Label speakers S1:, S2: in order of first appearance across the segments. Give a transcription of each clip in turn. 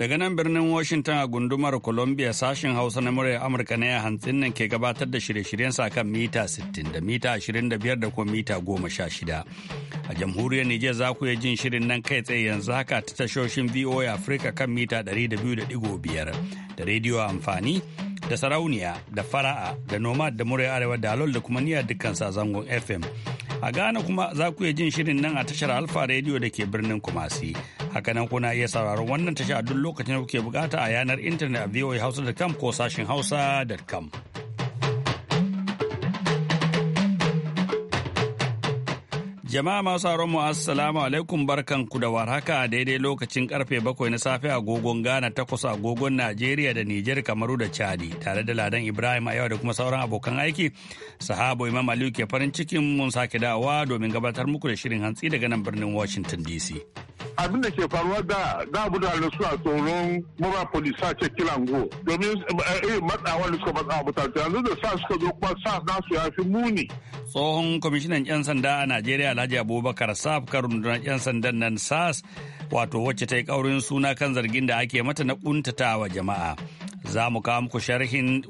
S1: Daga nan birnin Washington a gundumar Columbia sashen Hausa na muryar Amurka na ya nan ke gabatar da shirye-shiryen sa kan mita 60 da mita 25 da kuma mita 16. A jamhuriyar Nijar za ku jin shirin nan kai tsaye yanzu haka ta tashoshin VOA Africa kan mita 200.5 da rediyo amfani da sarauniya da fara'a da nomad da murya arewa da alol da kuma niyar dukkan zangon FM. A Ghana kuma za ku iya jin shirin nan a tashar Alfa Radio da ke birnin Kumasi. Haka nan kuna iya sauraron wannan tasha a duk lokacin da kuke bukata a yanar intanet a voahausa.com ko sashin hausa.com. Jama'a masu mu assalamu alaikum barkan ku da warhaka daidai lokacin karfe bakwai na safe agogon Ghana takwas agogon Najeriya da Nijar Kamaru da Chadi tare da Ladan Ibrahim a yau da kuma sauran abokan aiki. Sahabo Imam Aliyu ke farin cikin mun sake dawowa domin gabatar muku da shirin hantsi daga nan birnin Washington DC.
S2: abin da ke faruwa da da mutane suna tsoron mura polisa ce kilango domin irin eh, eh, matsawa da suka matsa mutane yanzu da sa suka zo kuma sa nasu ya fi muni.
S1: tsohon kwamishinan 'yan sanda a najeriya alhaji abubakar saf rundunar 'yan sandan nan sas wato wacce ta yi kaurin suna kan zargin da ake mata na kuntatawa jama'a. za mu kawo muku sharhin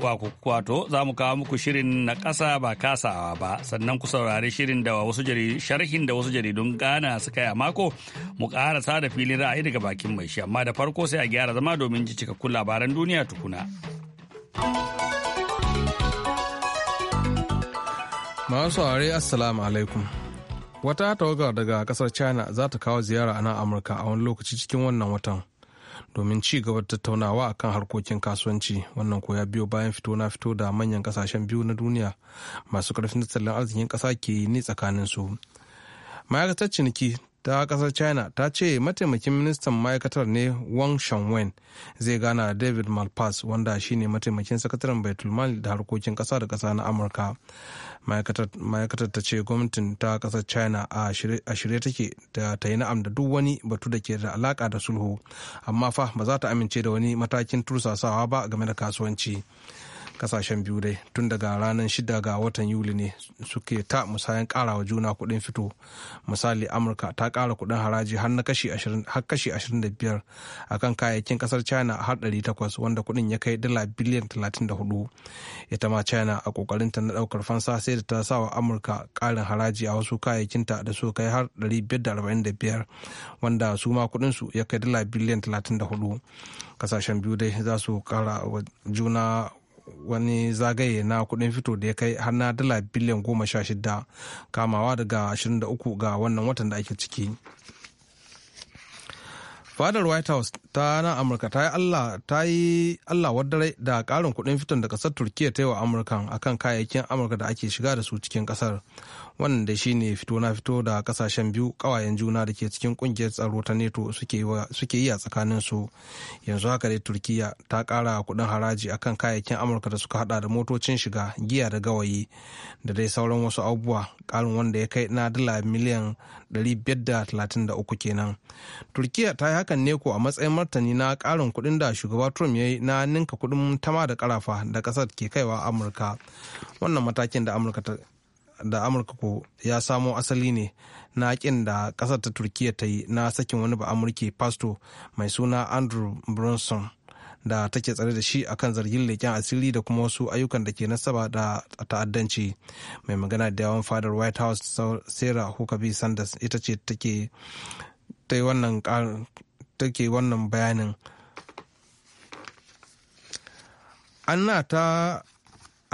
S1: wato za mu kawo muku shirin na ƙasa ba kasawa ba sannan ku saurari shirin da wasu sharhin da wasu jaridun gana suka yi a mako mu kara sada filin ra'ayi daga bakin mai shi amma da farko sai a gyara zama domin ji cikakkun labaran duniya tukuna.
S3: Masu saurari Assalamu alaikum. Wata tawagar daga kasar China za ta kawo ziyara a nan Amurka a wani lokaci cikin wannan watan. domin ci gaba da tattaunawa kan harkokin kasuwanci wannan koya ya biyo bayan fito na fito da manyan kasashen biyu na duniya masu karfin tattalin arzikin kasa ke yi ne tsakanin su ma'aikatar ciniki ta kasar china ta ce mataimakin ministan ma'aikatar ne wang shanwen zai gana da david malpass wanda shine mataimakin sakataren baitulmal da harkokin kasa da kasa na amurka ma'aikatar ta ce gwamnatin ta kasar china a shirye take da ta yi na'am da duk wani batu da ke da alaka da sulhu amma fa ba za ta amince da wani matakin tursasawa ba game da kasuwanci. kasashen biyu dai tun daga ranar shida ga watan yuli ne suke ta musayan karawa juna kuɗin fito misali amurka ta kara kuɗin haraji har kashi 25 a kan kayayyakin kasar china har 800 wanda kuɗin ya kai dala biliyan 34 ita ma china a ta na ɗaukar fansa sai da ta sa wa amurka karin haraji a wasu kayayyakinta da su kai har 545 wanda su ma kuɗinsu ya kai dala biliyan 34 kasashen biyu dai za su kara wa juna wani zagaye na kuɗin fito da ya kai har na dala biliyan goma sha shida kamawa daga 23 ga wannan watan da ake ciki fadar white house ta na amurka ta yi allah ta yi wadare da karin kuɗin fiton da ƙasar turkiya ta yi wa amurka akan kayayyakin amurka da ake shiga da su cikin ƙasar wannan da ne fito na fito da kasashen biyu kawayen juna da ke cikin kungiyar tsaro ta neto suke yi a tsakanin su yanzu haka dai turkiya ta kara kudin haraji akan kayayyakin amurka da suka hada da motocin shiga giya da gawayi da dai sauran wasu abubuwa karin wanda ya kai na dala miliyan 533 kenan turkiya ta yi hakan ne ko a matsayin martani na karin kudin da shugaba trump ya yi na ninka kudin tama da karafa da kasar ke kaiwa amurka wannan matakin da amurka ta. da amurka ko ya samo asali ne na kin da kasar ta turkiya ta yi na sakin wani ba amurke pasto mai suna andrew brunson da take tsare da shi akan zargin leƙen asiri da kuma wasu ayyukan da ke nasaba da ta'addanci mai magana da yawan fadar white house sarah huckabee sanders ita ce take wannan bayanin na ta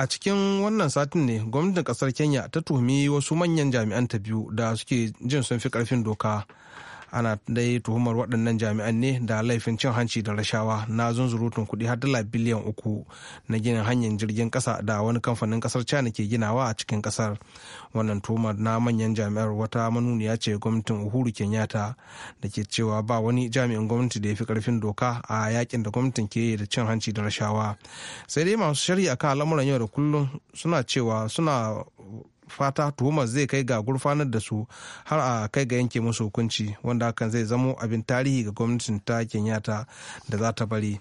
S3: a cikin wannan satin ne gwamnatin kasar kenya ta tuhumi wasu manyan jami'an ta biyu da suke jin sun fi karfin doka ana dai tuhumar waɗannan jami'an ne da laifin cin hanci da rashawa na zunzurutun kuɗi har dala biliyan uku na ginin hanyar jirgin ƙasa da wani kamfanin ƙasar china ke ginawa a cikin ƙasar wannan tuhumar na manyan jami'ar wata manuniya ce gwamnatin uhuru kenyatta da ke cewa ba wani jami'in gwamnati da ya fi ƙarfin doka a yakin da gwamnatin ke da cin hanci da rashawa sai dai masu shari'a kan al'amuran yau da kullum suna cewa suna fata tuhumar zai kai ga gurfanar da su har a kai ga yanke musu hukunci wanda hakan zai zamo abin tarihi ga gwamnatin ta kenyatta da za ta bari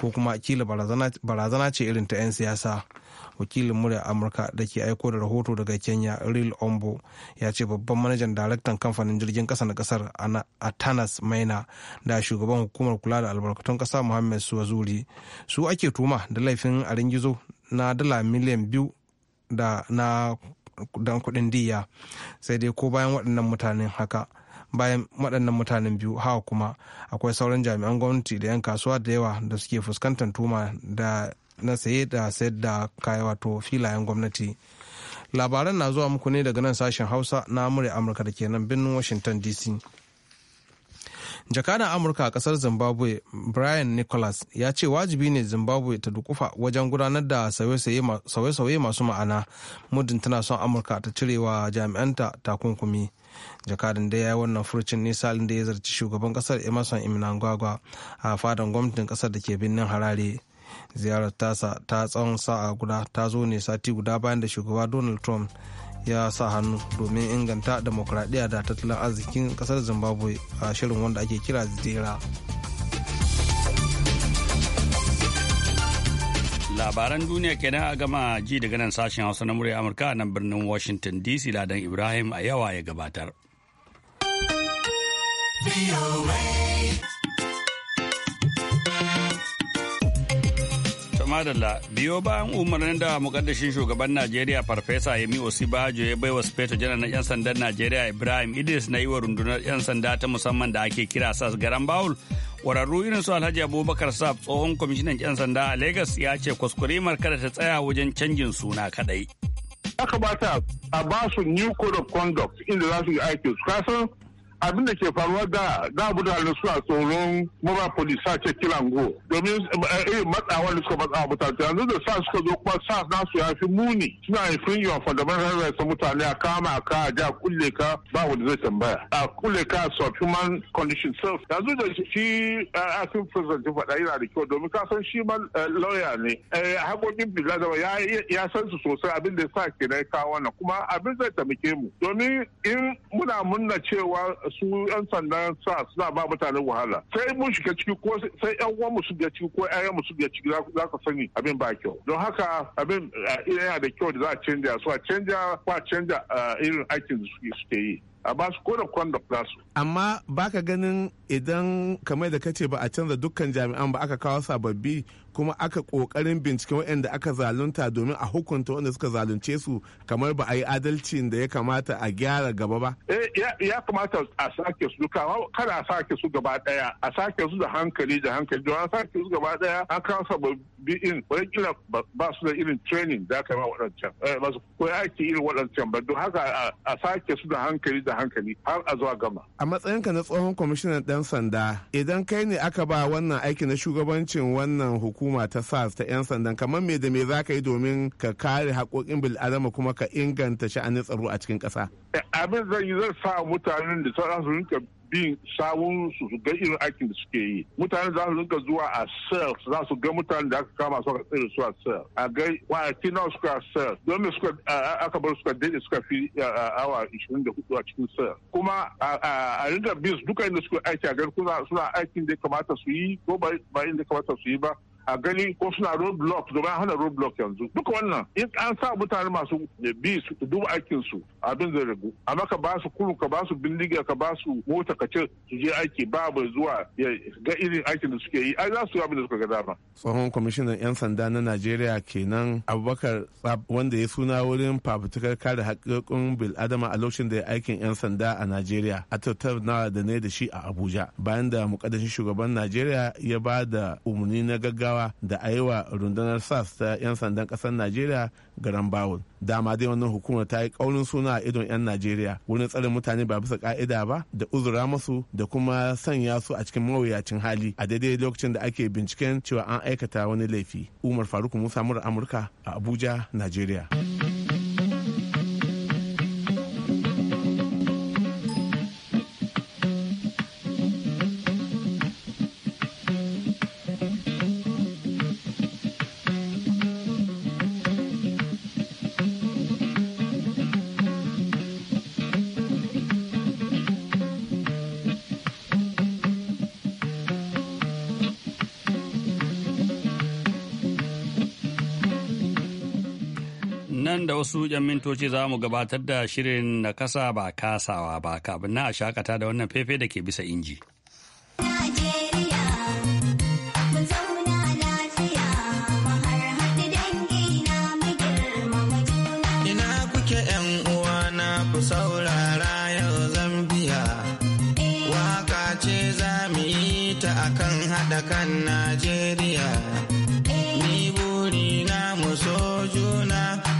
S3: ko kuma kila barazana ce irin ta 'yan siyasa wakilin murya amurka da ke aiko da rahoto daga kenya real ombo ya ce babban manajan daraktan kamfanin jirgin kasa na kasar tana's maina da shugaban hukumar kula da albarkatun kasa muhammad suwazuri su ake tuma da laifin a ringizo na dala miliyan biyu da na dan kudin diya sai dai ko bayan waɗannan mutanen haka bayan waɗannan mutanen biyu hawa kuma akwai sauran jami'an gwamnati da 'yan kasuwa da yawa da suke fuskantar tuma da na saye da sayar da kaya wato filayen gwamnati labaran na zuwa muku ne daga nan sashen hausa na amurka da ke nan birnin washington dc jakadan amurka a kasar zimbabwe brian nicholas ya ce wajibi ne zimbabwe ta dukufa wajen gudanar da sauye-sauye masu ma'ana muddin tana son amurka ta cirewa jami'anta takunkumi jakadan da ya yi wannan furcin nisalin da ya zarci shugaban kasar emerson imnangagwa a fadan gwamnatin kasar da ke birnin harare ziyarar tasa ta tsawon sa'a guda ta zo ne sati guda bayan da shugaba donald trump ya sa hannu domin inganta demokradiyya da tattalin arzikin kasar zimbabwe a shirin wanda ake kira zera
S1: labaran duniya kenan a gama ji daga nan sashen hausa na murya amurka nan birnin washington dc ladan ibrahim a yawa ya gabatar. madalla biyo bayan umarnin da mukaddashin shugaban najeriya farfesa yemi osibajo ya baiwa speto janar na 'yan sandan najeriya ibrahim idris na yi wa rundunar 'yan sanda ta musamman da ake kira sas garan bawul kwararru irin su alhaji abubakar sab tsohon kwamishinan 'yan sanda a lagos ya ce kuskure kada ta tsaya wajen canjin suna kadai
S2: ya kamata a ba su new code of conduct inda za su yi aikin su kasan abin da ke faruwa da da mutane a tsoron mura polisa ce kilango domin irin eh, eh, matsawa da suka matsa mutane yanzu da sa suka zo kuma sa nasu ya fi muni suna haifin yawan fundamental rights mutane a kama ka a ja kulle ka ba wani zai tambaya a kulle ka sofi man condition self yanzu da shi a fi fuzanci faɗa yana da kyau domin ka san shi man eh, lawyer ne hakokin bilazama ya san su sosai abin da sa ke na kawo wannan kuma abin zai taimake mu domin in muna munna cewa su yan sandan sa suna ba mutane wahala sai mun shiga ciki ko sai yan uwan mu shiga ciki ko yayan mu shiga ciki za ka sani abin ba kyau don haka abin eh, yana da kyau da za a canja su a canja ko a canja eh, irin aikin da suke yi a ba su code of da su.
S4: Amma baka ganin idan kamar da kace ba a canza dukkan jami'an ba aka kawo sababbi kuma aka kokarin binciken waɗanda aka zalunta domin a hukunta wanda suka zalunce su kamar ba a yi adalcin da ya kamata a gyara gaba ba.
S2: Eh ya kamata a sake su duka kada a sake su gaba daya a sake su da hankali da hankali don a sake su gaba daya an kawo sababbi in wani kila ba su da irin training da aka yi ma waɗancan eh, ba su koyi aiki irin waɗancan ba don haka a sake su da hankali da hankali har a zuwa gama.
S4: A matsayinka na tsohon kwamishinan ɗan sanda idan kai ne aka ba wannan aiki na shugabancin wannan hukuma ta SARS ta 'yan sandan kamar me da me za ka yi domin ka kare haƙoƙin bil'adama kuma ka inganta sha'anin tsaro a cikin ƙasa.
S2: Eh, abin zan yi zan sa mutanen da sauran su rinka bin sawun su su ga irin aikin da suke yi mutane za su rinka zuwa a cells za su ga mutane da aka kama su aka tsere su a cell a ga kwanaki nawa suka a cell don me suka aka bar suka daɗe suka fi awa 24 a cikin cell kuma a rinka bin duka inda suka aiki a ga suna aikin da kamata su yi ko ba inda kamata su yi ba a gani ko suna roadblock domin hana roadblock yanzu duka wannan in an sa mutane masu bi su duba aikin su abin zai ragu amma ka ba su kuru ka ba su bindiga ka ba su mota ka ce su je aiki ba bai zuwa ya ga irin aikin da suke yi ai za su yi abin da suka ga dama
S4: tsohon kwamishinan yan sanda na Najeriya kenan Abubakar wanda ya suna wurin fafutukar kare haƙƙoƙin bil adama a lokacin da ya aikin yan sanda a Najeriya a tattaunawa da ne da shi a Abuja bayan da mukaddashin shugaban Najeriya ya ba da umarni na gaggawa gaggawa da a yi wa rundunar SAS ta 'yan sandan ƙasar Najeriya garan Bawul. Dama dai wannan hukumar ta yi kaunin suna a idon 'yan Najeriya wurin tsare mutane ba bisa ka'ida ba da uzura masu da kuma sanya su a cikin mawuyacin hali a daidai lokacin da ake binciken cewa an aikata wani laifi. Umar Faruk Musa Mura Amurka a Abuja, Najeriya.
S1: mintoci za mu gabatar da shirin na kasa ba kasawa ba kafin na a shakata da wannan fefe da ke bisa inji.
S5: Ina kuke 'yan uwa na Zambiya, eh. waka ce yi ta akan haɗa kan Najeriya. Eh. Ni buri na mu so juna.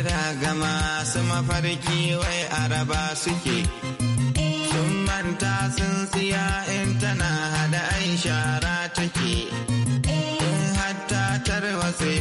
S5: kira ga masu mafarki wai araba suke sun manta sun siya in tana hada aishara take in hatta tarwatse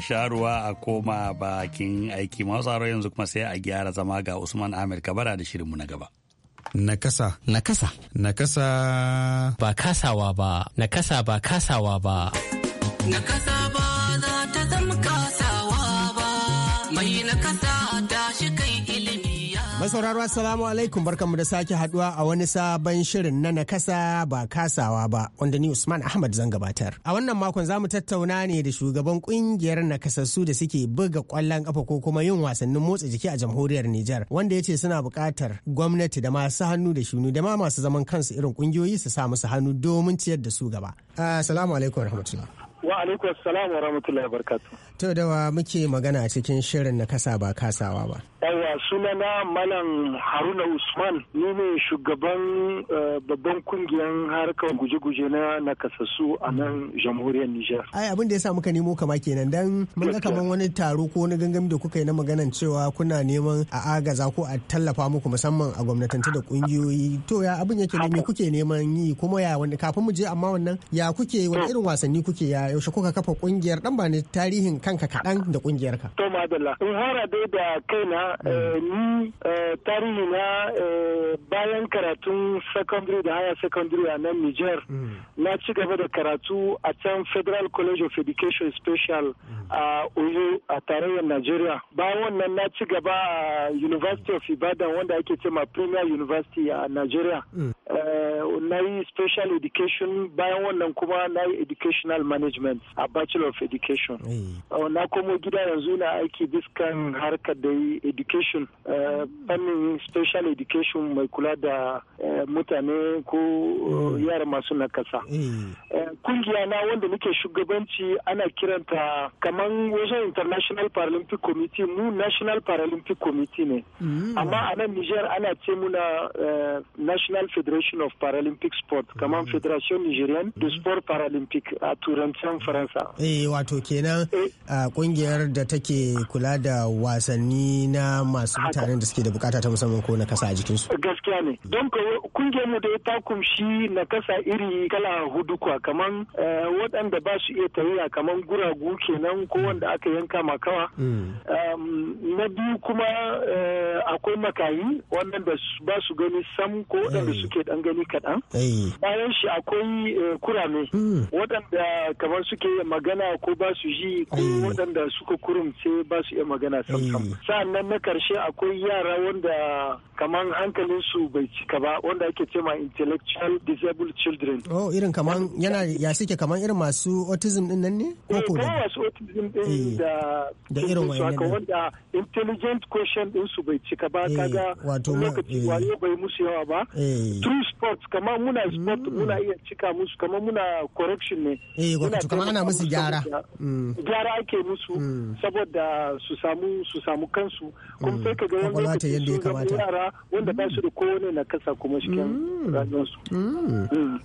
S1: sha ruwa a koma bakin aiki masu yanzu kuma sai a gyara zama ga Usman Ahmed Kabara da shirinmu na gaba.
S6: Nakasa. Nakasa. Nakasa. Ba kasawa ba. Nakasa ba kasawa ba.
S7: Nakasa ba.
S6: sauraro assalamu alaikum barkanmu da sake haduwa a wani sabon shirin na nakasa ba kasawa ba wanda ni Usman Ahmad zan gabatar. A wannan makon zamu tattauna ne da shugaban kungiyar nakasassu da suke buga kwallon kafa ko kuma yin wasannin motsa jiki a jamhuriyar Nijar wanda ya ce suna buƙatar gwamnati da masu hannu da shunu da ma masu zaman kansu irin kungiyoyi su sa musu hannu domin ciyar da su gaba. Assalamu alaikum warahmatullahi. Wa alaikum assalam wa rahmatullahi wa To dawa muke magana a cikin shirin na kasa ba kasawa ba.
S8: Yawa sunana Malam Haruna Usman ni ne shugaban eh, babban kungiyar harkar guje-guje na nakasassu a nan jamhuriyar Nijar.
S6: Ai abin da ya sa muka nemo kama kenan dan mun ga kaman wani taro ko wani gangami da kuka yi na maganan cewa kuna neman a agaza ko a tallafa muku musamman a gwamnatance da kungiyoyi. To ya abin yake ne me kuke neman yi kuma ya wani kafin mu je amma wannan ya kuke wani irin wasanni kuke ya yaushe kuka kafa kungiyar dan ba ne tarihin kanka kaɗan da ƙungiyarka.
S8: To madalla in hara dai da kaina eh, ni eh, tarihi na eh, bayan karatun secondary da haya secondary a nan Niger mm. na ci gaba da karatu a can Federal College of Education Special mm. a Oyo a tarayyar Najeriya. Bayan wannan na ci gaba a University of Ibadan wanda ake cema Premier University a nigeria. Mm. Eh, na yi special education bayan wannan kuma na yi educational management a bachelor of education eh. oh, na komo gida yanzu na aiki biskan harkar da yi education eh, fannin special education mai kula da mutane ko yara masu nakasa kungiya na wanda nake shugabanci ana kiranta kamar wajen international paralympic committee mu national paralympic committee ne hmm. amma a nan niger ana ce muna national federation Federation of Paralympic Sport kamar mm. Federation Nigerian de Sport Paralympic a turancen Faransa.
S6: Eh wato kenan eh. kungiyar da take kula da wasanni na masu mutanen da suke da bukata ta musamman ko na kasa a jikinsu.
S8: Gaskiya ne. Don kungiyar mu da ta kumshi na kasa iri kala hudu kuwa kamar eh, waɗanda ba su iya tafiya kamar guragu kenan ko mm. wanda aka yanka makawa. Mm. Na biyu kuma eh, akwai makayi da ba su gani sam ko waɗanda suke ɗan gani kaɗan. Eh. Bayan shi akwai eh, kurame hmm. waɗanda kamar suke magana ko ba su ji ko eh. waɗanda suka sai ba
S6: su iya magana sam
S8: sam. nan na karshe akwai yara wanda kaman hankalin su bai cika ba wanda ake ce ma intellectual disabled children
S6: oh irin kaman yana ya suke kaman irin masu autism din nan ne ko eh, ko masu
S8: autism din eh, da da irin wayannan wanda intelligent question din su bai cika ba eh, kaga wato lokaci wayo bai musu yawa ba True sports kaman muna sport mm. muna iya cika musu kaman muna correction ne eh wato kaman ana musu gyara mm. gyara ake musu mm. saboda su samu su samu kansu kuma sai kaga wani lokaci yara wanda ba su da kowane nakasa kuma cikin mm. rayuwarsu. Mm. Mm.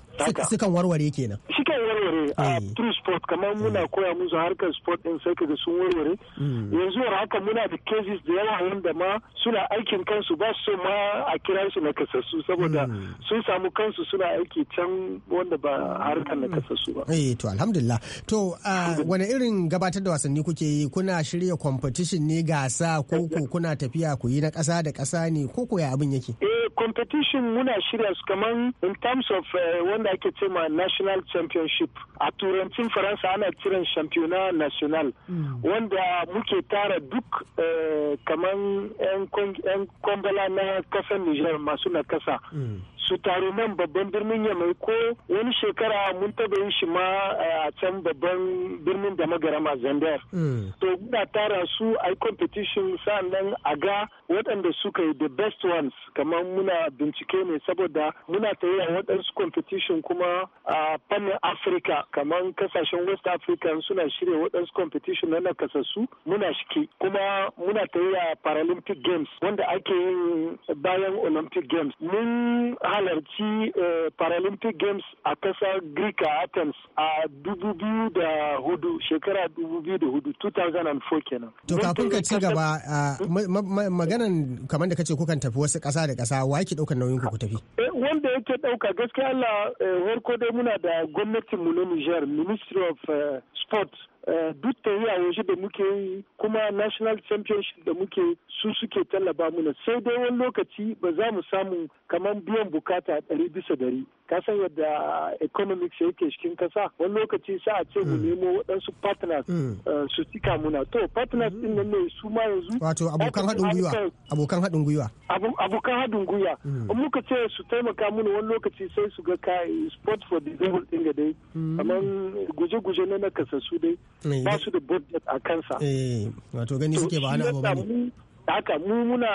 S6: Sukan warware kenan.
S8: Sukan warware a uh, eh. true sport kamar eh. muna koya musu harkar sport din sai kaga sun warware.
S2: Yanzu
S8: haka muna da cases da yawa wanda ma suna aikin kansu ba su ma a kira su nakasassu saboda sun samu kansu suna aiki can wanda ba harkar nakasassu
S6: ba. Eh to alhamdulillah. To uh, wani irin gabatar da wasanni kuke yi kuna shirya competition ne gasa ko kuna tafiya ku yi na ƙasa da ƙasa ne ko ko ya abin yake eh
S8: competition muna shirya su kaman in terms of eh, wanda ake ce ma national championship a turancin faransa ana kiran championnat national hmm. wanda muke tara duk eh, kaman yan kwambala na kasar nijar masu na kasa hmm. su taru nan babban birnin yamai ko wani shekara mun taba yin shi ma a can babban birnin da magarama zandar hmm. to muna tara su a yi competition nan a ga waɗanda suka yi the best ones kamar muna bincike ne saboda muna a waɗansu competition kuma a fannin afirka kamar kasashen west africa suna shirya waɗansu competition na nakasassu muna shike kuma muna a paralympic games wanda ake yin bayan olympic games mun halarci eh, Paralympic Games a kasar Greek a Athens a 2004 shekara 2004 2004 kenan. To kafin ka ci gaba
S6: hmm? maganan kamar da kace kukan tafi wasu kasa da kasa wa yake ɗaukar nauyin ku tafi?
S8: Eh, wanda yake ɗauka gaskiya Allah harko eh, dai muna da gwamnatin mu na Niger Ministry of sports. Eh, duk a waje da muke yi kuma national championship da muke su suke tallaba muna sai dai wani lokaci ba za mu samu kamar biyan bukata ɗari bisa ɗari ka san yadda economics yake cikin kasa wani lokaci sa a ce mu hmm. nemo waɗansu partners hmm. eh, su cika muna to partners din hmm. nan
S6: ne su ma yanzu wato abokan haɗin gwiwa abokan haɗin gwiwa
S8: abokan haɗin gwiwa in muka ce su taimaka muna wani lokaci sai su ga kai sport for devil din ga dai kamar guje-guje na nakasassu dai Eh, ba su da budget a kansa eh,
S6: wato gani suke ba hana ba
S8: ne haka mu muna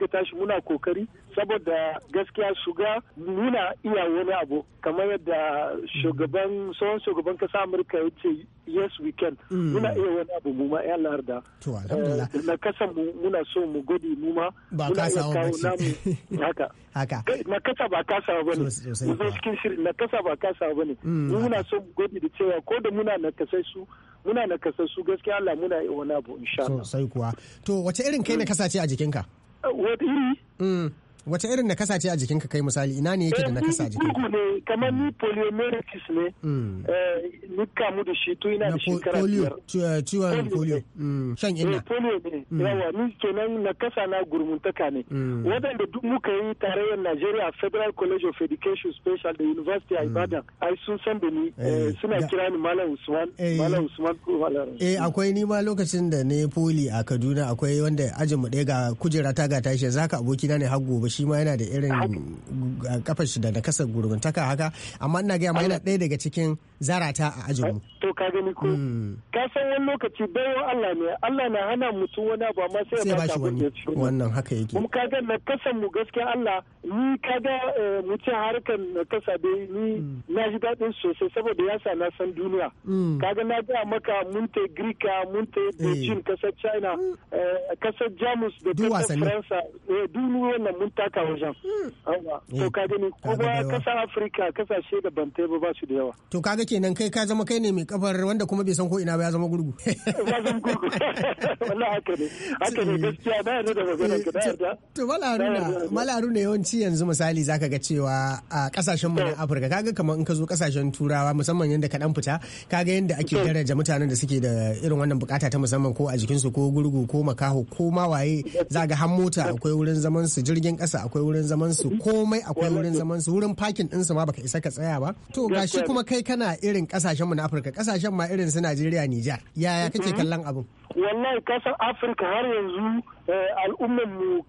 S8: ka tashi muna kokari saboda gaskiya shuga muna iya wani abu kamar yadda shugaban tsohon shugaban kasa amurka ya ce yes we can hmm. muna iya wani abu mu ma ya larda eh, na kasa mu muna so mu gode mu ma ba kasa ba ce haka haka na kasa ba kasa ba ne mu cikin shirin na kasa ba kasa ba ne hmm, muna so mu gode da cewa ko da muna na kasai su muna nakasassu gaskiya Allah muna yi wani abu insha Allah sosai
S6: kuwa to wace irin kai na kasace a jikinka wata mm. wace irin kasa ce a jikinka kai misali ina ne yake da eh, na kasa jikin ku ne kamar ni hmm. poliomyelitis ne hmm.
S8: eh, ni kamu da shi to ina da shekara polio
S6: eh, ciwon polio hmm. shan inna
S8: polio ne yawa ni kenan kasa na gurmuntaka ne wadanda duk muka yi tarayyar Nigeria Federal College of Education Special da University of Ibadan ai sun san da ni suna kira ni Malam Usman Malam Usman eh akwai
S6: ni ma lokacin da ne poli a Kaduna akwai wanda ajin mu ɗaya ga kujera ta ga tashi zaka abokina ne har gobe shi ma yana da irin kafar shi da nakasar gurguntaka haka amma ina gaya ma yana ɗaya daga cikin zarata a ajinmu
S8: to ka gani ko hmm.
S6: ka san wani lokaci bayan Allah ne Allah na hana
S8: mutum wani abu amma sai ya ba shi wani
S6: wannan haka yake kuma
S8: kaga na kasan mu gaskiya Allah ni kaga eh, mu ce harkan na kasa dai ni hmm. na ji dadin sosai saboda yasa na san duniya hmm. kaga na ga maka mun ta Greece mun ta eh. Beijing kasar China eh, kasar Jamus da kasar Faransa duniya wannan mun taka wajen to ka gani kuma kasar kasa kasashe da ban ba su da yawa
S6: to kaga kenan kai ka zama kai ne mai kafar wanda kuma bai san ko ina ba ya zama gurgu Wala haka ne haka gaskiya eh, to yawanci yanzu misali zaka ga cewa a kasashen mu na eh. Afirka kaga kamar in ka zo kasashen turawa musamman yanda ka dan fita kaga yanda ake eh. daraja mutanen da suke da irin wannan bukata ta musamman ko a jikinsu ko gurgu ko makaho ko ma waye zaga har mota akwai wurin zaman su jirgin kasa akwai wurin zaman su komai akwai wurin zaman su wurin parking din su ma baka isa ka tsaya ba to gashi kuma kai kana irin kasashen mu na Afirka kasashen ma irin su Najeriya Nijar yaya kake mhm. kallon abin
S8: wallahi kasar afirka har yanzu eh, al'ummar mu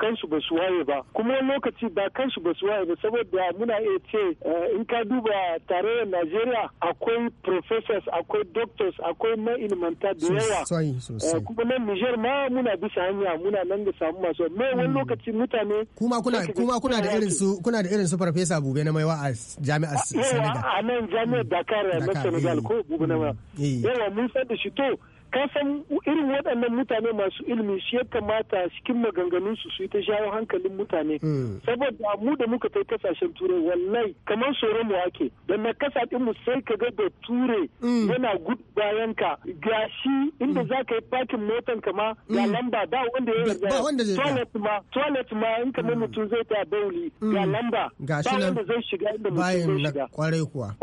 S8: kansu ba su waye ba kuma lokaci ba kansu ba su waye ba saboda muna iya ce eh, in ka duba tarayyar najeriya akwai professors akwai doctors akwai ma'ilmanta da yawa eh, kuma nan Nijar ma muna bisa hanya muna nan da samu masu me wani hmm. lokaci mutane kuma kuna kuma kuna da irin su
S6: kuna da irin su professor bube na maiwa a jami'ar senegal a
S8: nan jami'ar hmm. dakar na senegal ko gobe mm. eh. yawa
S6: mun san da shi to ka irin waɗannan mutane
S8: masu ilimi shi ya kamata cikin maganganun su su ta shawo hankalin mutane mm. saboda mu da muka kai kasashen turai wallahi kamar soron mu ake da na kasa din mu sai ka ga da ture mm. yana gud bayan ka gashi inda za ka yi pakin motan ka ma ga lamba ba wanda ya yarda toilet ma toilet ma in mai mutum zai ta bauli ga lamba ba wanda zai shiga inda mutum zai shiga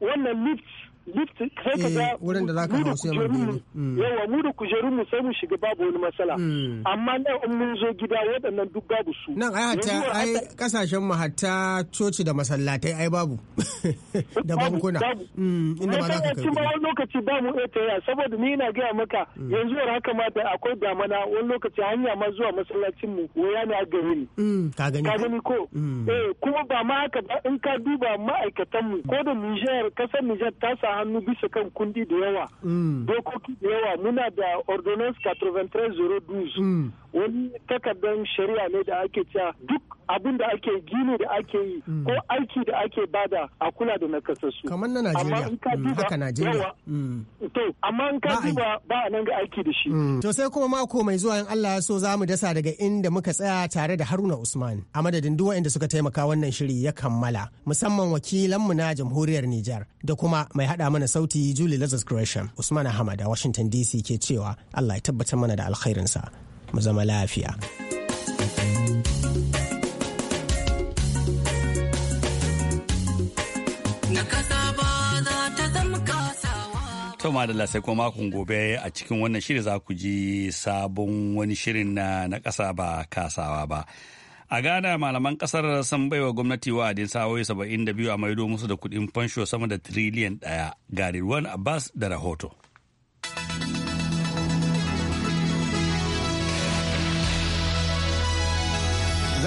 S8: wannan lift sai ka eh, ga wurin da zaka hausa ya mabini yawa mu da kujerun mm. mu sai mu shiga babu wani matsala mm. amma nan in mun zo gida waɗannan duk babu su nan ai hatta ai
S6: kasashen mu hatta coci da masallatai ai babu da bankuna
S8: mm, inda ba za ka kai ba wani lokaci ba mu ta ya saboda ni ina gaya maka yanzu har haka ma da akwai damana wani lokaci hanya ma zuwa masallacin mu waya ne a gari ne ka gani ko eh kuma ba ma haka ba in ka duba ma'aikatan mu ko da Niger kasar Niger ta sa hannu bisa kan kundi da yawa mm. dokoki da yawa muna da ordonance 9302 mm. wani takardar shari'a ne da ake cewa duk abin da ake gini da ake yi mm. ko aiki da ake bada a kula da nakasassu kamar na Najeriya haka Najeriya to amma in ka
S6: duba ba a nan ga aiki da shi to sai kuma mako mai zuwa in Allah ya so za mu dasa daga inda muka tsaya tare da Haruna Usman a madadin duk waɗanda suka taimaka wannan shiri ya kammala musamman wakilanmu na jamhuriyar Nijar da kuma mai haɗa. faɗa mana sauti Julie Lazarus Gresham, Usman Ahmad a Washington DC ke cewa Allah ya tabbatar mana da alkhairinsa. Mu zama lafiya.
S1: Toma da sai kuma makon gobe a cikin wannan shirin za ku ji sabon wani shirin na na ƙasa ba kasawa ba. A Ghana malaman kasar san baiwa gwamnati wa'adin da biyu a maido musu da kuɗin fansho sama da tiriliyan ɗaya. Gari Abbas da rahoto.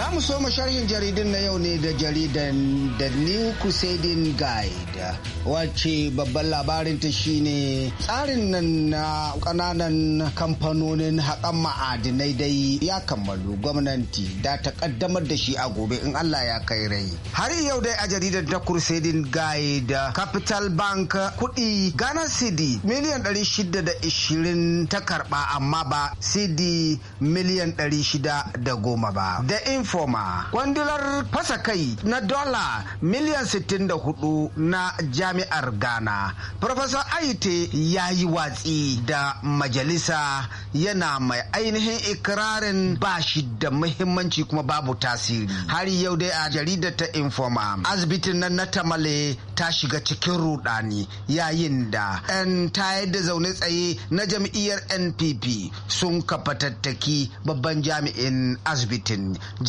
S9: Za mu so sharhin jaridin na yau ne da jaridan The New Crusading Guide, wacce babban labarinta shine tsarin nan na kananan kamfanonin haƙan ma'adinai dai ya kammalu gwamnati da ta ƙaddamar da shi a gobe in Allah ya kai rai. Har yau dai a jaridan The Crusading Guide, Capital Bank kuɗi Ghana cd miliyan 620 ta karba amma ba cd miliyan 610 ba. The transformer kwandilar fasa kai na dola miliyan 64 na jami'ar ghana farfasa aite ya yi watsi da majalisa yana mai ainihin ikirarin ba shi da muhimmanci kuma babu tasiri har yau dai a jarida ta informa asibitin nan na tamale ta shiga cikin rudani yayin da 'yan taya da zaune tsaye na jam'iyyar npp sun kafa tattaki babban jami'in asibitin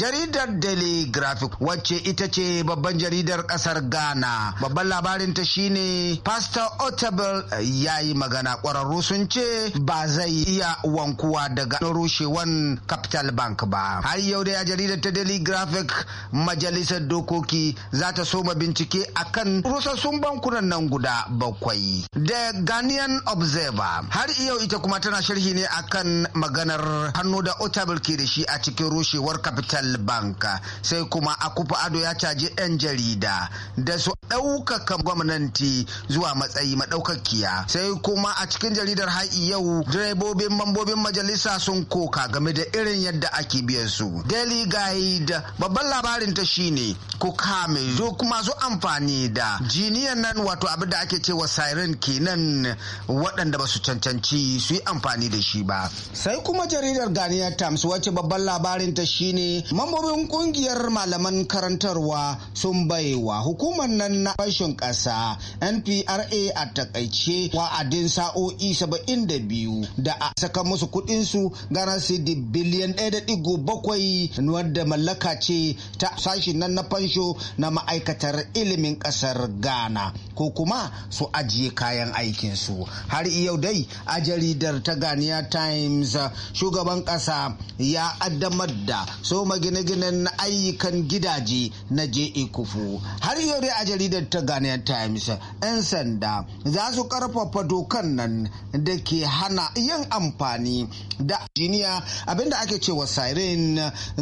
S9: jaridar daily graphic wacce ita ce babban jaridar kasar ghana babban labarin ta shine pastor otabel eh, ya yi magana kwararru sun ce ba zai iya wankuwa daga rushewan capital bank ba har yau da ya jaridar ta daily graphic majalisar dokoki za ta soma bincike akan rusassun bankunan nan guda bakwai The ghanaian observer har yau ita kuma tana sharhi ne akan maganar hannu da otabel ke da shi a cikin rushewar capital bank sai kuma akufa ado ya caji 'yan jarida da su ɗaukaka gwamnati zuwa matsayi maɗaukakiya sai kuma a cikin jaridar ha'i yau direbobin mambobin majalisa sun koka game da irin yadda ake biyan su daily guide babban labarin ta shine ku kame duk masu amfani da jiniyan nan wato abin da ake cewa siren kenan waɗanda ba su cancanci su yi amfani da shi ba sai kuma jaridar ganiyar times wacce babban labarin ta shine Mambobin kungiyar malaman karantarwa sun baiwa hukumar nan na fashin ƙasa NPRA a takaice wa'adin sa'o'i 72 da a saka musu kudinsu gana sidi biliyan 1.7 wadda mallaka ce ta sashi nan na fansho na ma'aikatar ilimin ƙasar Ghana ko kuma su ajiye kayan aikinsu. Har yau dai a jaridar ta Ghana Times shugaban ƙasa ya addamar da so magin gine-ginen ayyukan gidaje na je kufu har yau a jaridar ta ghanaian times 'yan sanda za su karfafa dokan nan da ke hana yin amfani da jiniya abinda ake cewa siren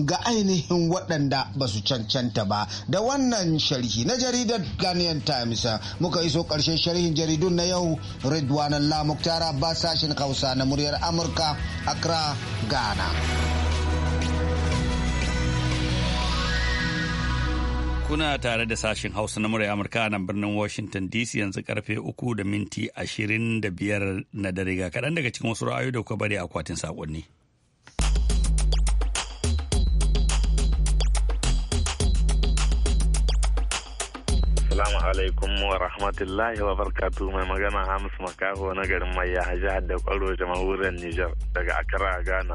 S9: ga ainihin waɗanda ba su cancanta ba da wannan sharhi na jaridar ghanaian times muka iso ƙarshen sharhin jaridun na yau ridwanan lamuktara ba sashen hausa na muryar amurka accra ghana
S1: kuna tare da sashen hausa na murai amurka a birnin washington dc yanzu karfe uku da minti ashirin da biyar na dare ga kaɗan daga cikin wasu ra'ayoyi da kuka bari akwatin sakonni.
S7: salamu alaikum wa rahmatullahi wa barkatu mai magana hamis Makaho na garin mai ya da kwaro jamhuriyar Nijar daga Accra Ghana.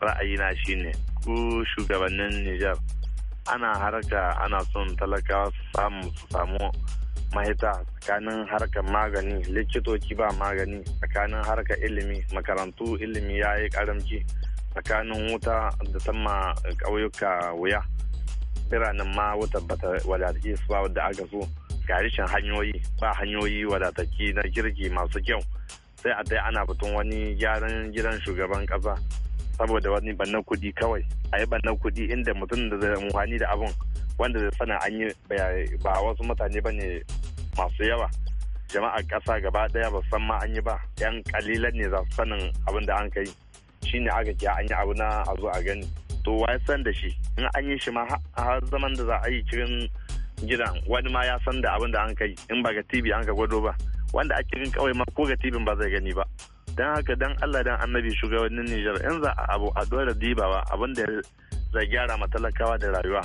S7: Ra'ayina shine ku shugabannin Nijar ana harka ana son talakawa su samu su samu mahita tsakanin harkar magani likitoci ba magani tsakanin harkar ilimi makarantu ilimi ya yi karamci tsakanin wuta da sama ƙauyuka wuya biranen ma wuta bata wadatake su ba wadda aka so ga rashin hanyoyi ba hanyoyi wadataki na jirgi masu kyau sai a ana batun wani gyaran gidan shugaban ƙasa saboda wani bannan kudi kawai a yi bannan kudi inda mutum da zai amfani da abun wanda zai sana an yi ba wasu mutane ba ne masu yawa jama'ar kasa gaba ɗaya ba san ma an yi ba yan kalilan ne za su sanin abin da an kai ne aka ke an yi abu na a zo a gani to wa san da shi in an yi shi ma har zaman da za a yi cikin gidan wani ma ya san da abin da an kai in ba ga tv an ka gwado ba wanda a cikin kawai ma ko ga tv ba zai gani ba don haka dan allah dan annabi shugabannin nijar in za a abu a dole dibawa abin da zai gyara ma talakawa da rayuwa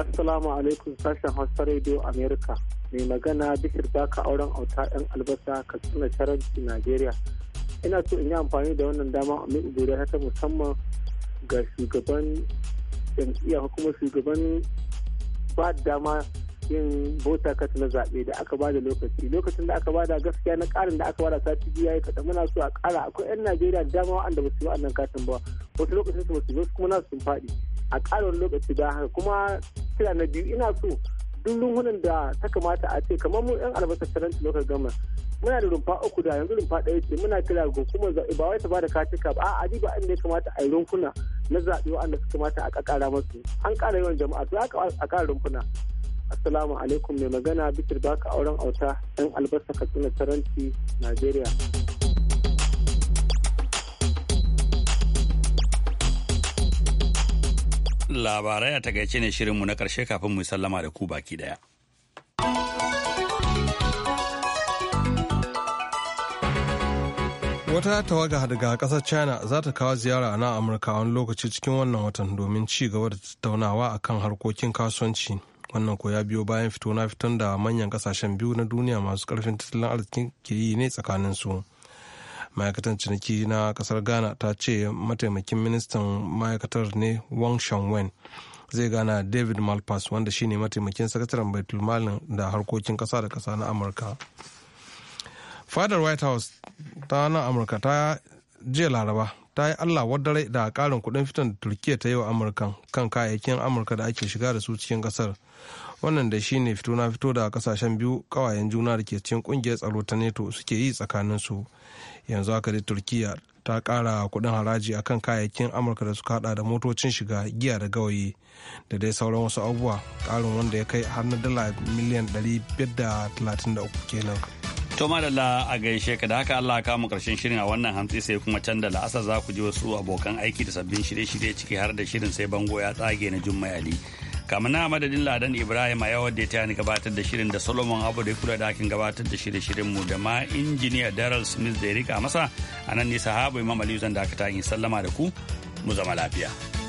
S8: assalamu alaikum sashen hausa radio america mai magana bishir baka auren auta yan albasa katsina sharanci nigeria ina so in yi amfani da wannan dama a mai godiya ta musamman ga shugaban jam'iyya ko shugaban ba dama yin bota kat na zaɓe da aka bada lokaci lokacin da aka bada gaskiya na ƙarin da aka bada sati biyu yayi kaɗan muna so a ƙara akwai 'yan najeriya da dama waɗanda ba su yi wannan katin ba wasu lokacin su ba su kuma nasu sun faɗi a ƙara wani lokaci da haka kuma kira na biyu ina so duk lungunan da ta kamata a ce kamar mu 'yan albasa taranci lokacin gama muna da rumfa uku da yanzu rumfa ɗaya ce muna kira ga hukumar zaɓe ba wai ta bada katika ba a ba inda ya kamata a yi rumfuna na zaɓe wa'anda suka kamata a ƙaƙara masu an ƙara yawan jama'a to a ƙara rumfuna Assalamu alaikum mai magana bitir baka auren auta ɗan albasa katsina taranti Najeriya.
S1: Labarai a takaice ne shirinmu na ƙarshe kafin mu sallama da ku baki ɗaya.
S3: wata tawaga daga ƙasar china za ta kawo ziyara a nan amurka wani lokaci cikin wannan watan domin ci gaba da tattaunawa akan harkokin kasuwanci wannan ko ya biyo bayan fito na fiton da manyan kasashen biyu na duniya masu karfin tattalin arzikin ke yi ne tsakanin su ma'aikatan ciniki na kasar ghana ta ce mataimakin ministan ma'aikatar ne wang shanwen zai gana david malpass wanda shine mataimakin sakataren baitul malin da harkokin kasa da kasa na amurka fadar white house ta nan amurka ta jiya laraba ta yi allah wadare da karin kudin fitan da turkiya ta yi wa amurka kan kayayyakin amurka da ake shiga da su cikin kasar wannan da shi ne fito na fito da kasashen biyu kawayen juna da ke cikin kungiyar tsaro ta neto suke yi tsakanin su yanzu haka dai turkiya ta kara kudin haraji akan kayayyakin amurka da suka hada da motocin shiga giya da gawayi da dai sauran wasu abubuwa karin wanda ya kai har na dala miliyan 533 kenan
S1: To madalla a gaishe ka da haka Allah ka mu karshen shirin a wannan hantsi sai kuma can da la'asar za ku ji wasu abokan aiki da sabbin shirye-shirye ciki har da shirin sai bango ya tsage na Jummai Ali. kama na madadin Ladan Ibrahim a yawar da ta ni gabatar da shirin da Solomon Abu da ya kula da gabatar da shirye-shiryen mu da ma injiniya Daryl Smith da ya rika masa a nan ne sahaba Imam Aliyu zan dakata yi sallama da ku mu zama lafiya.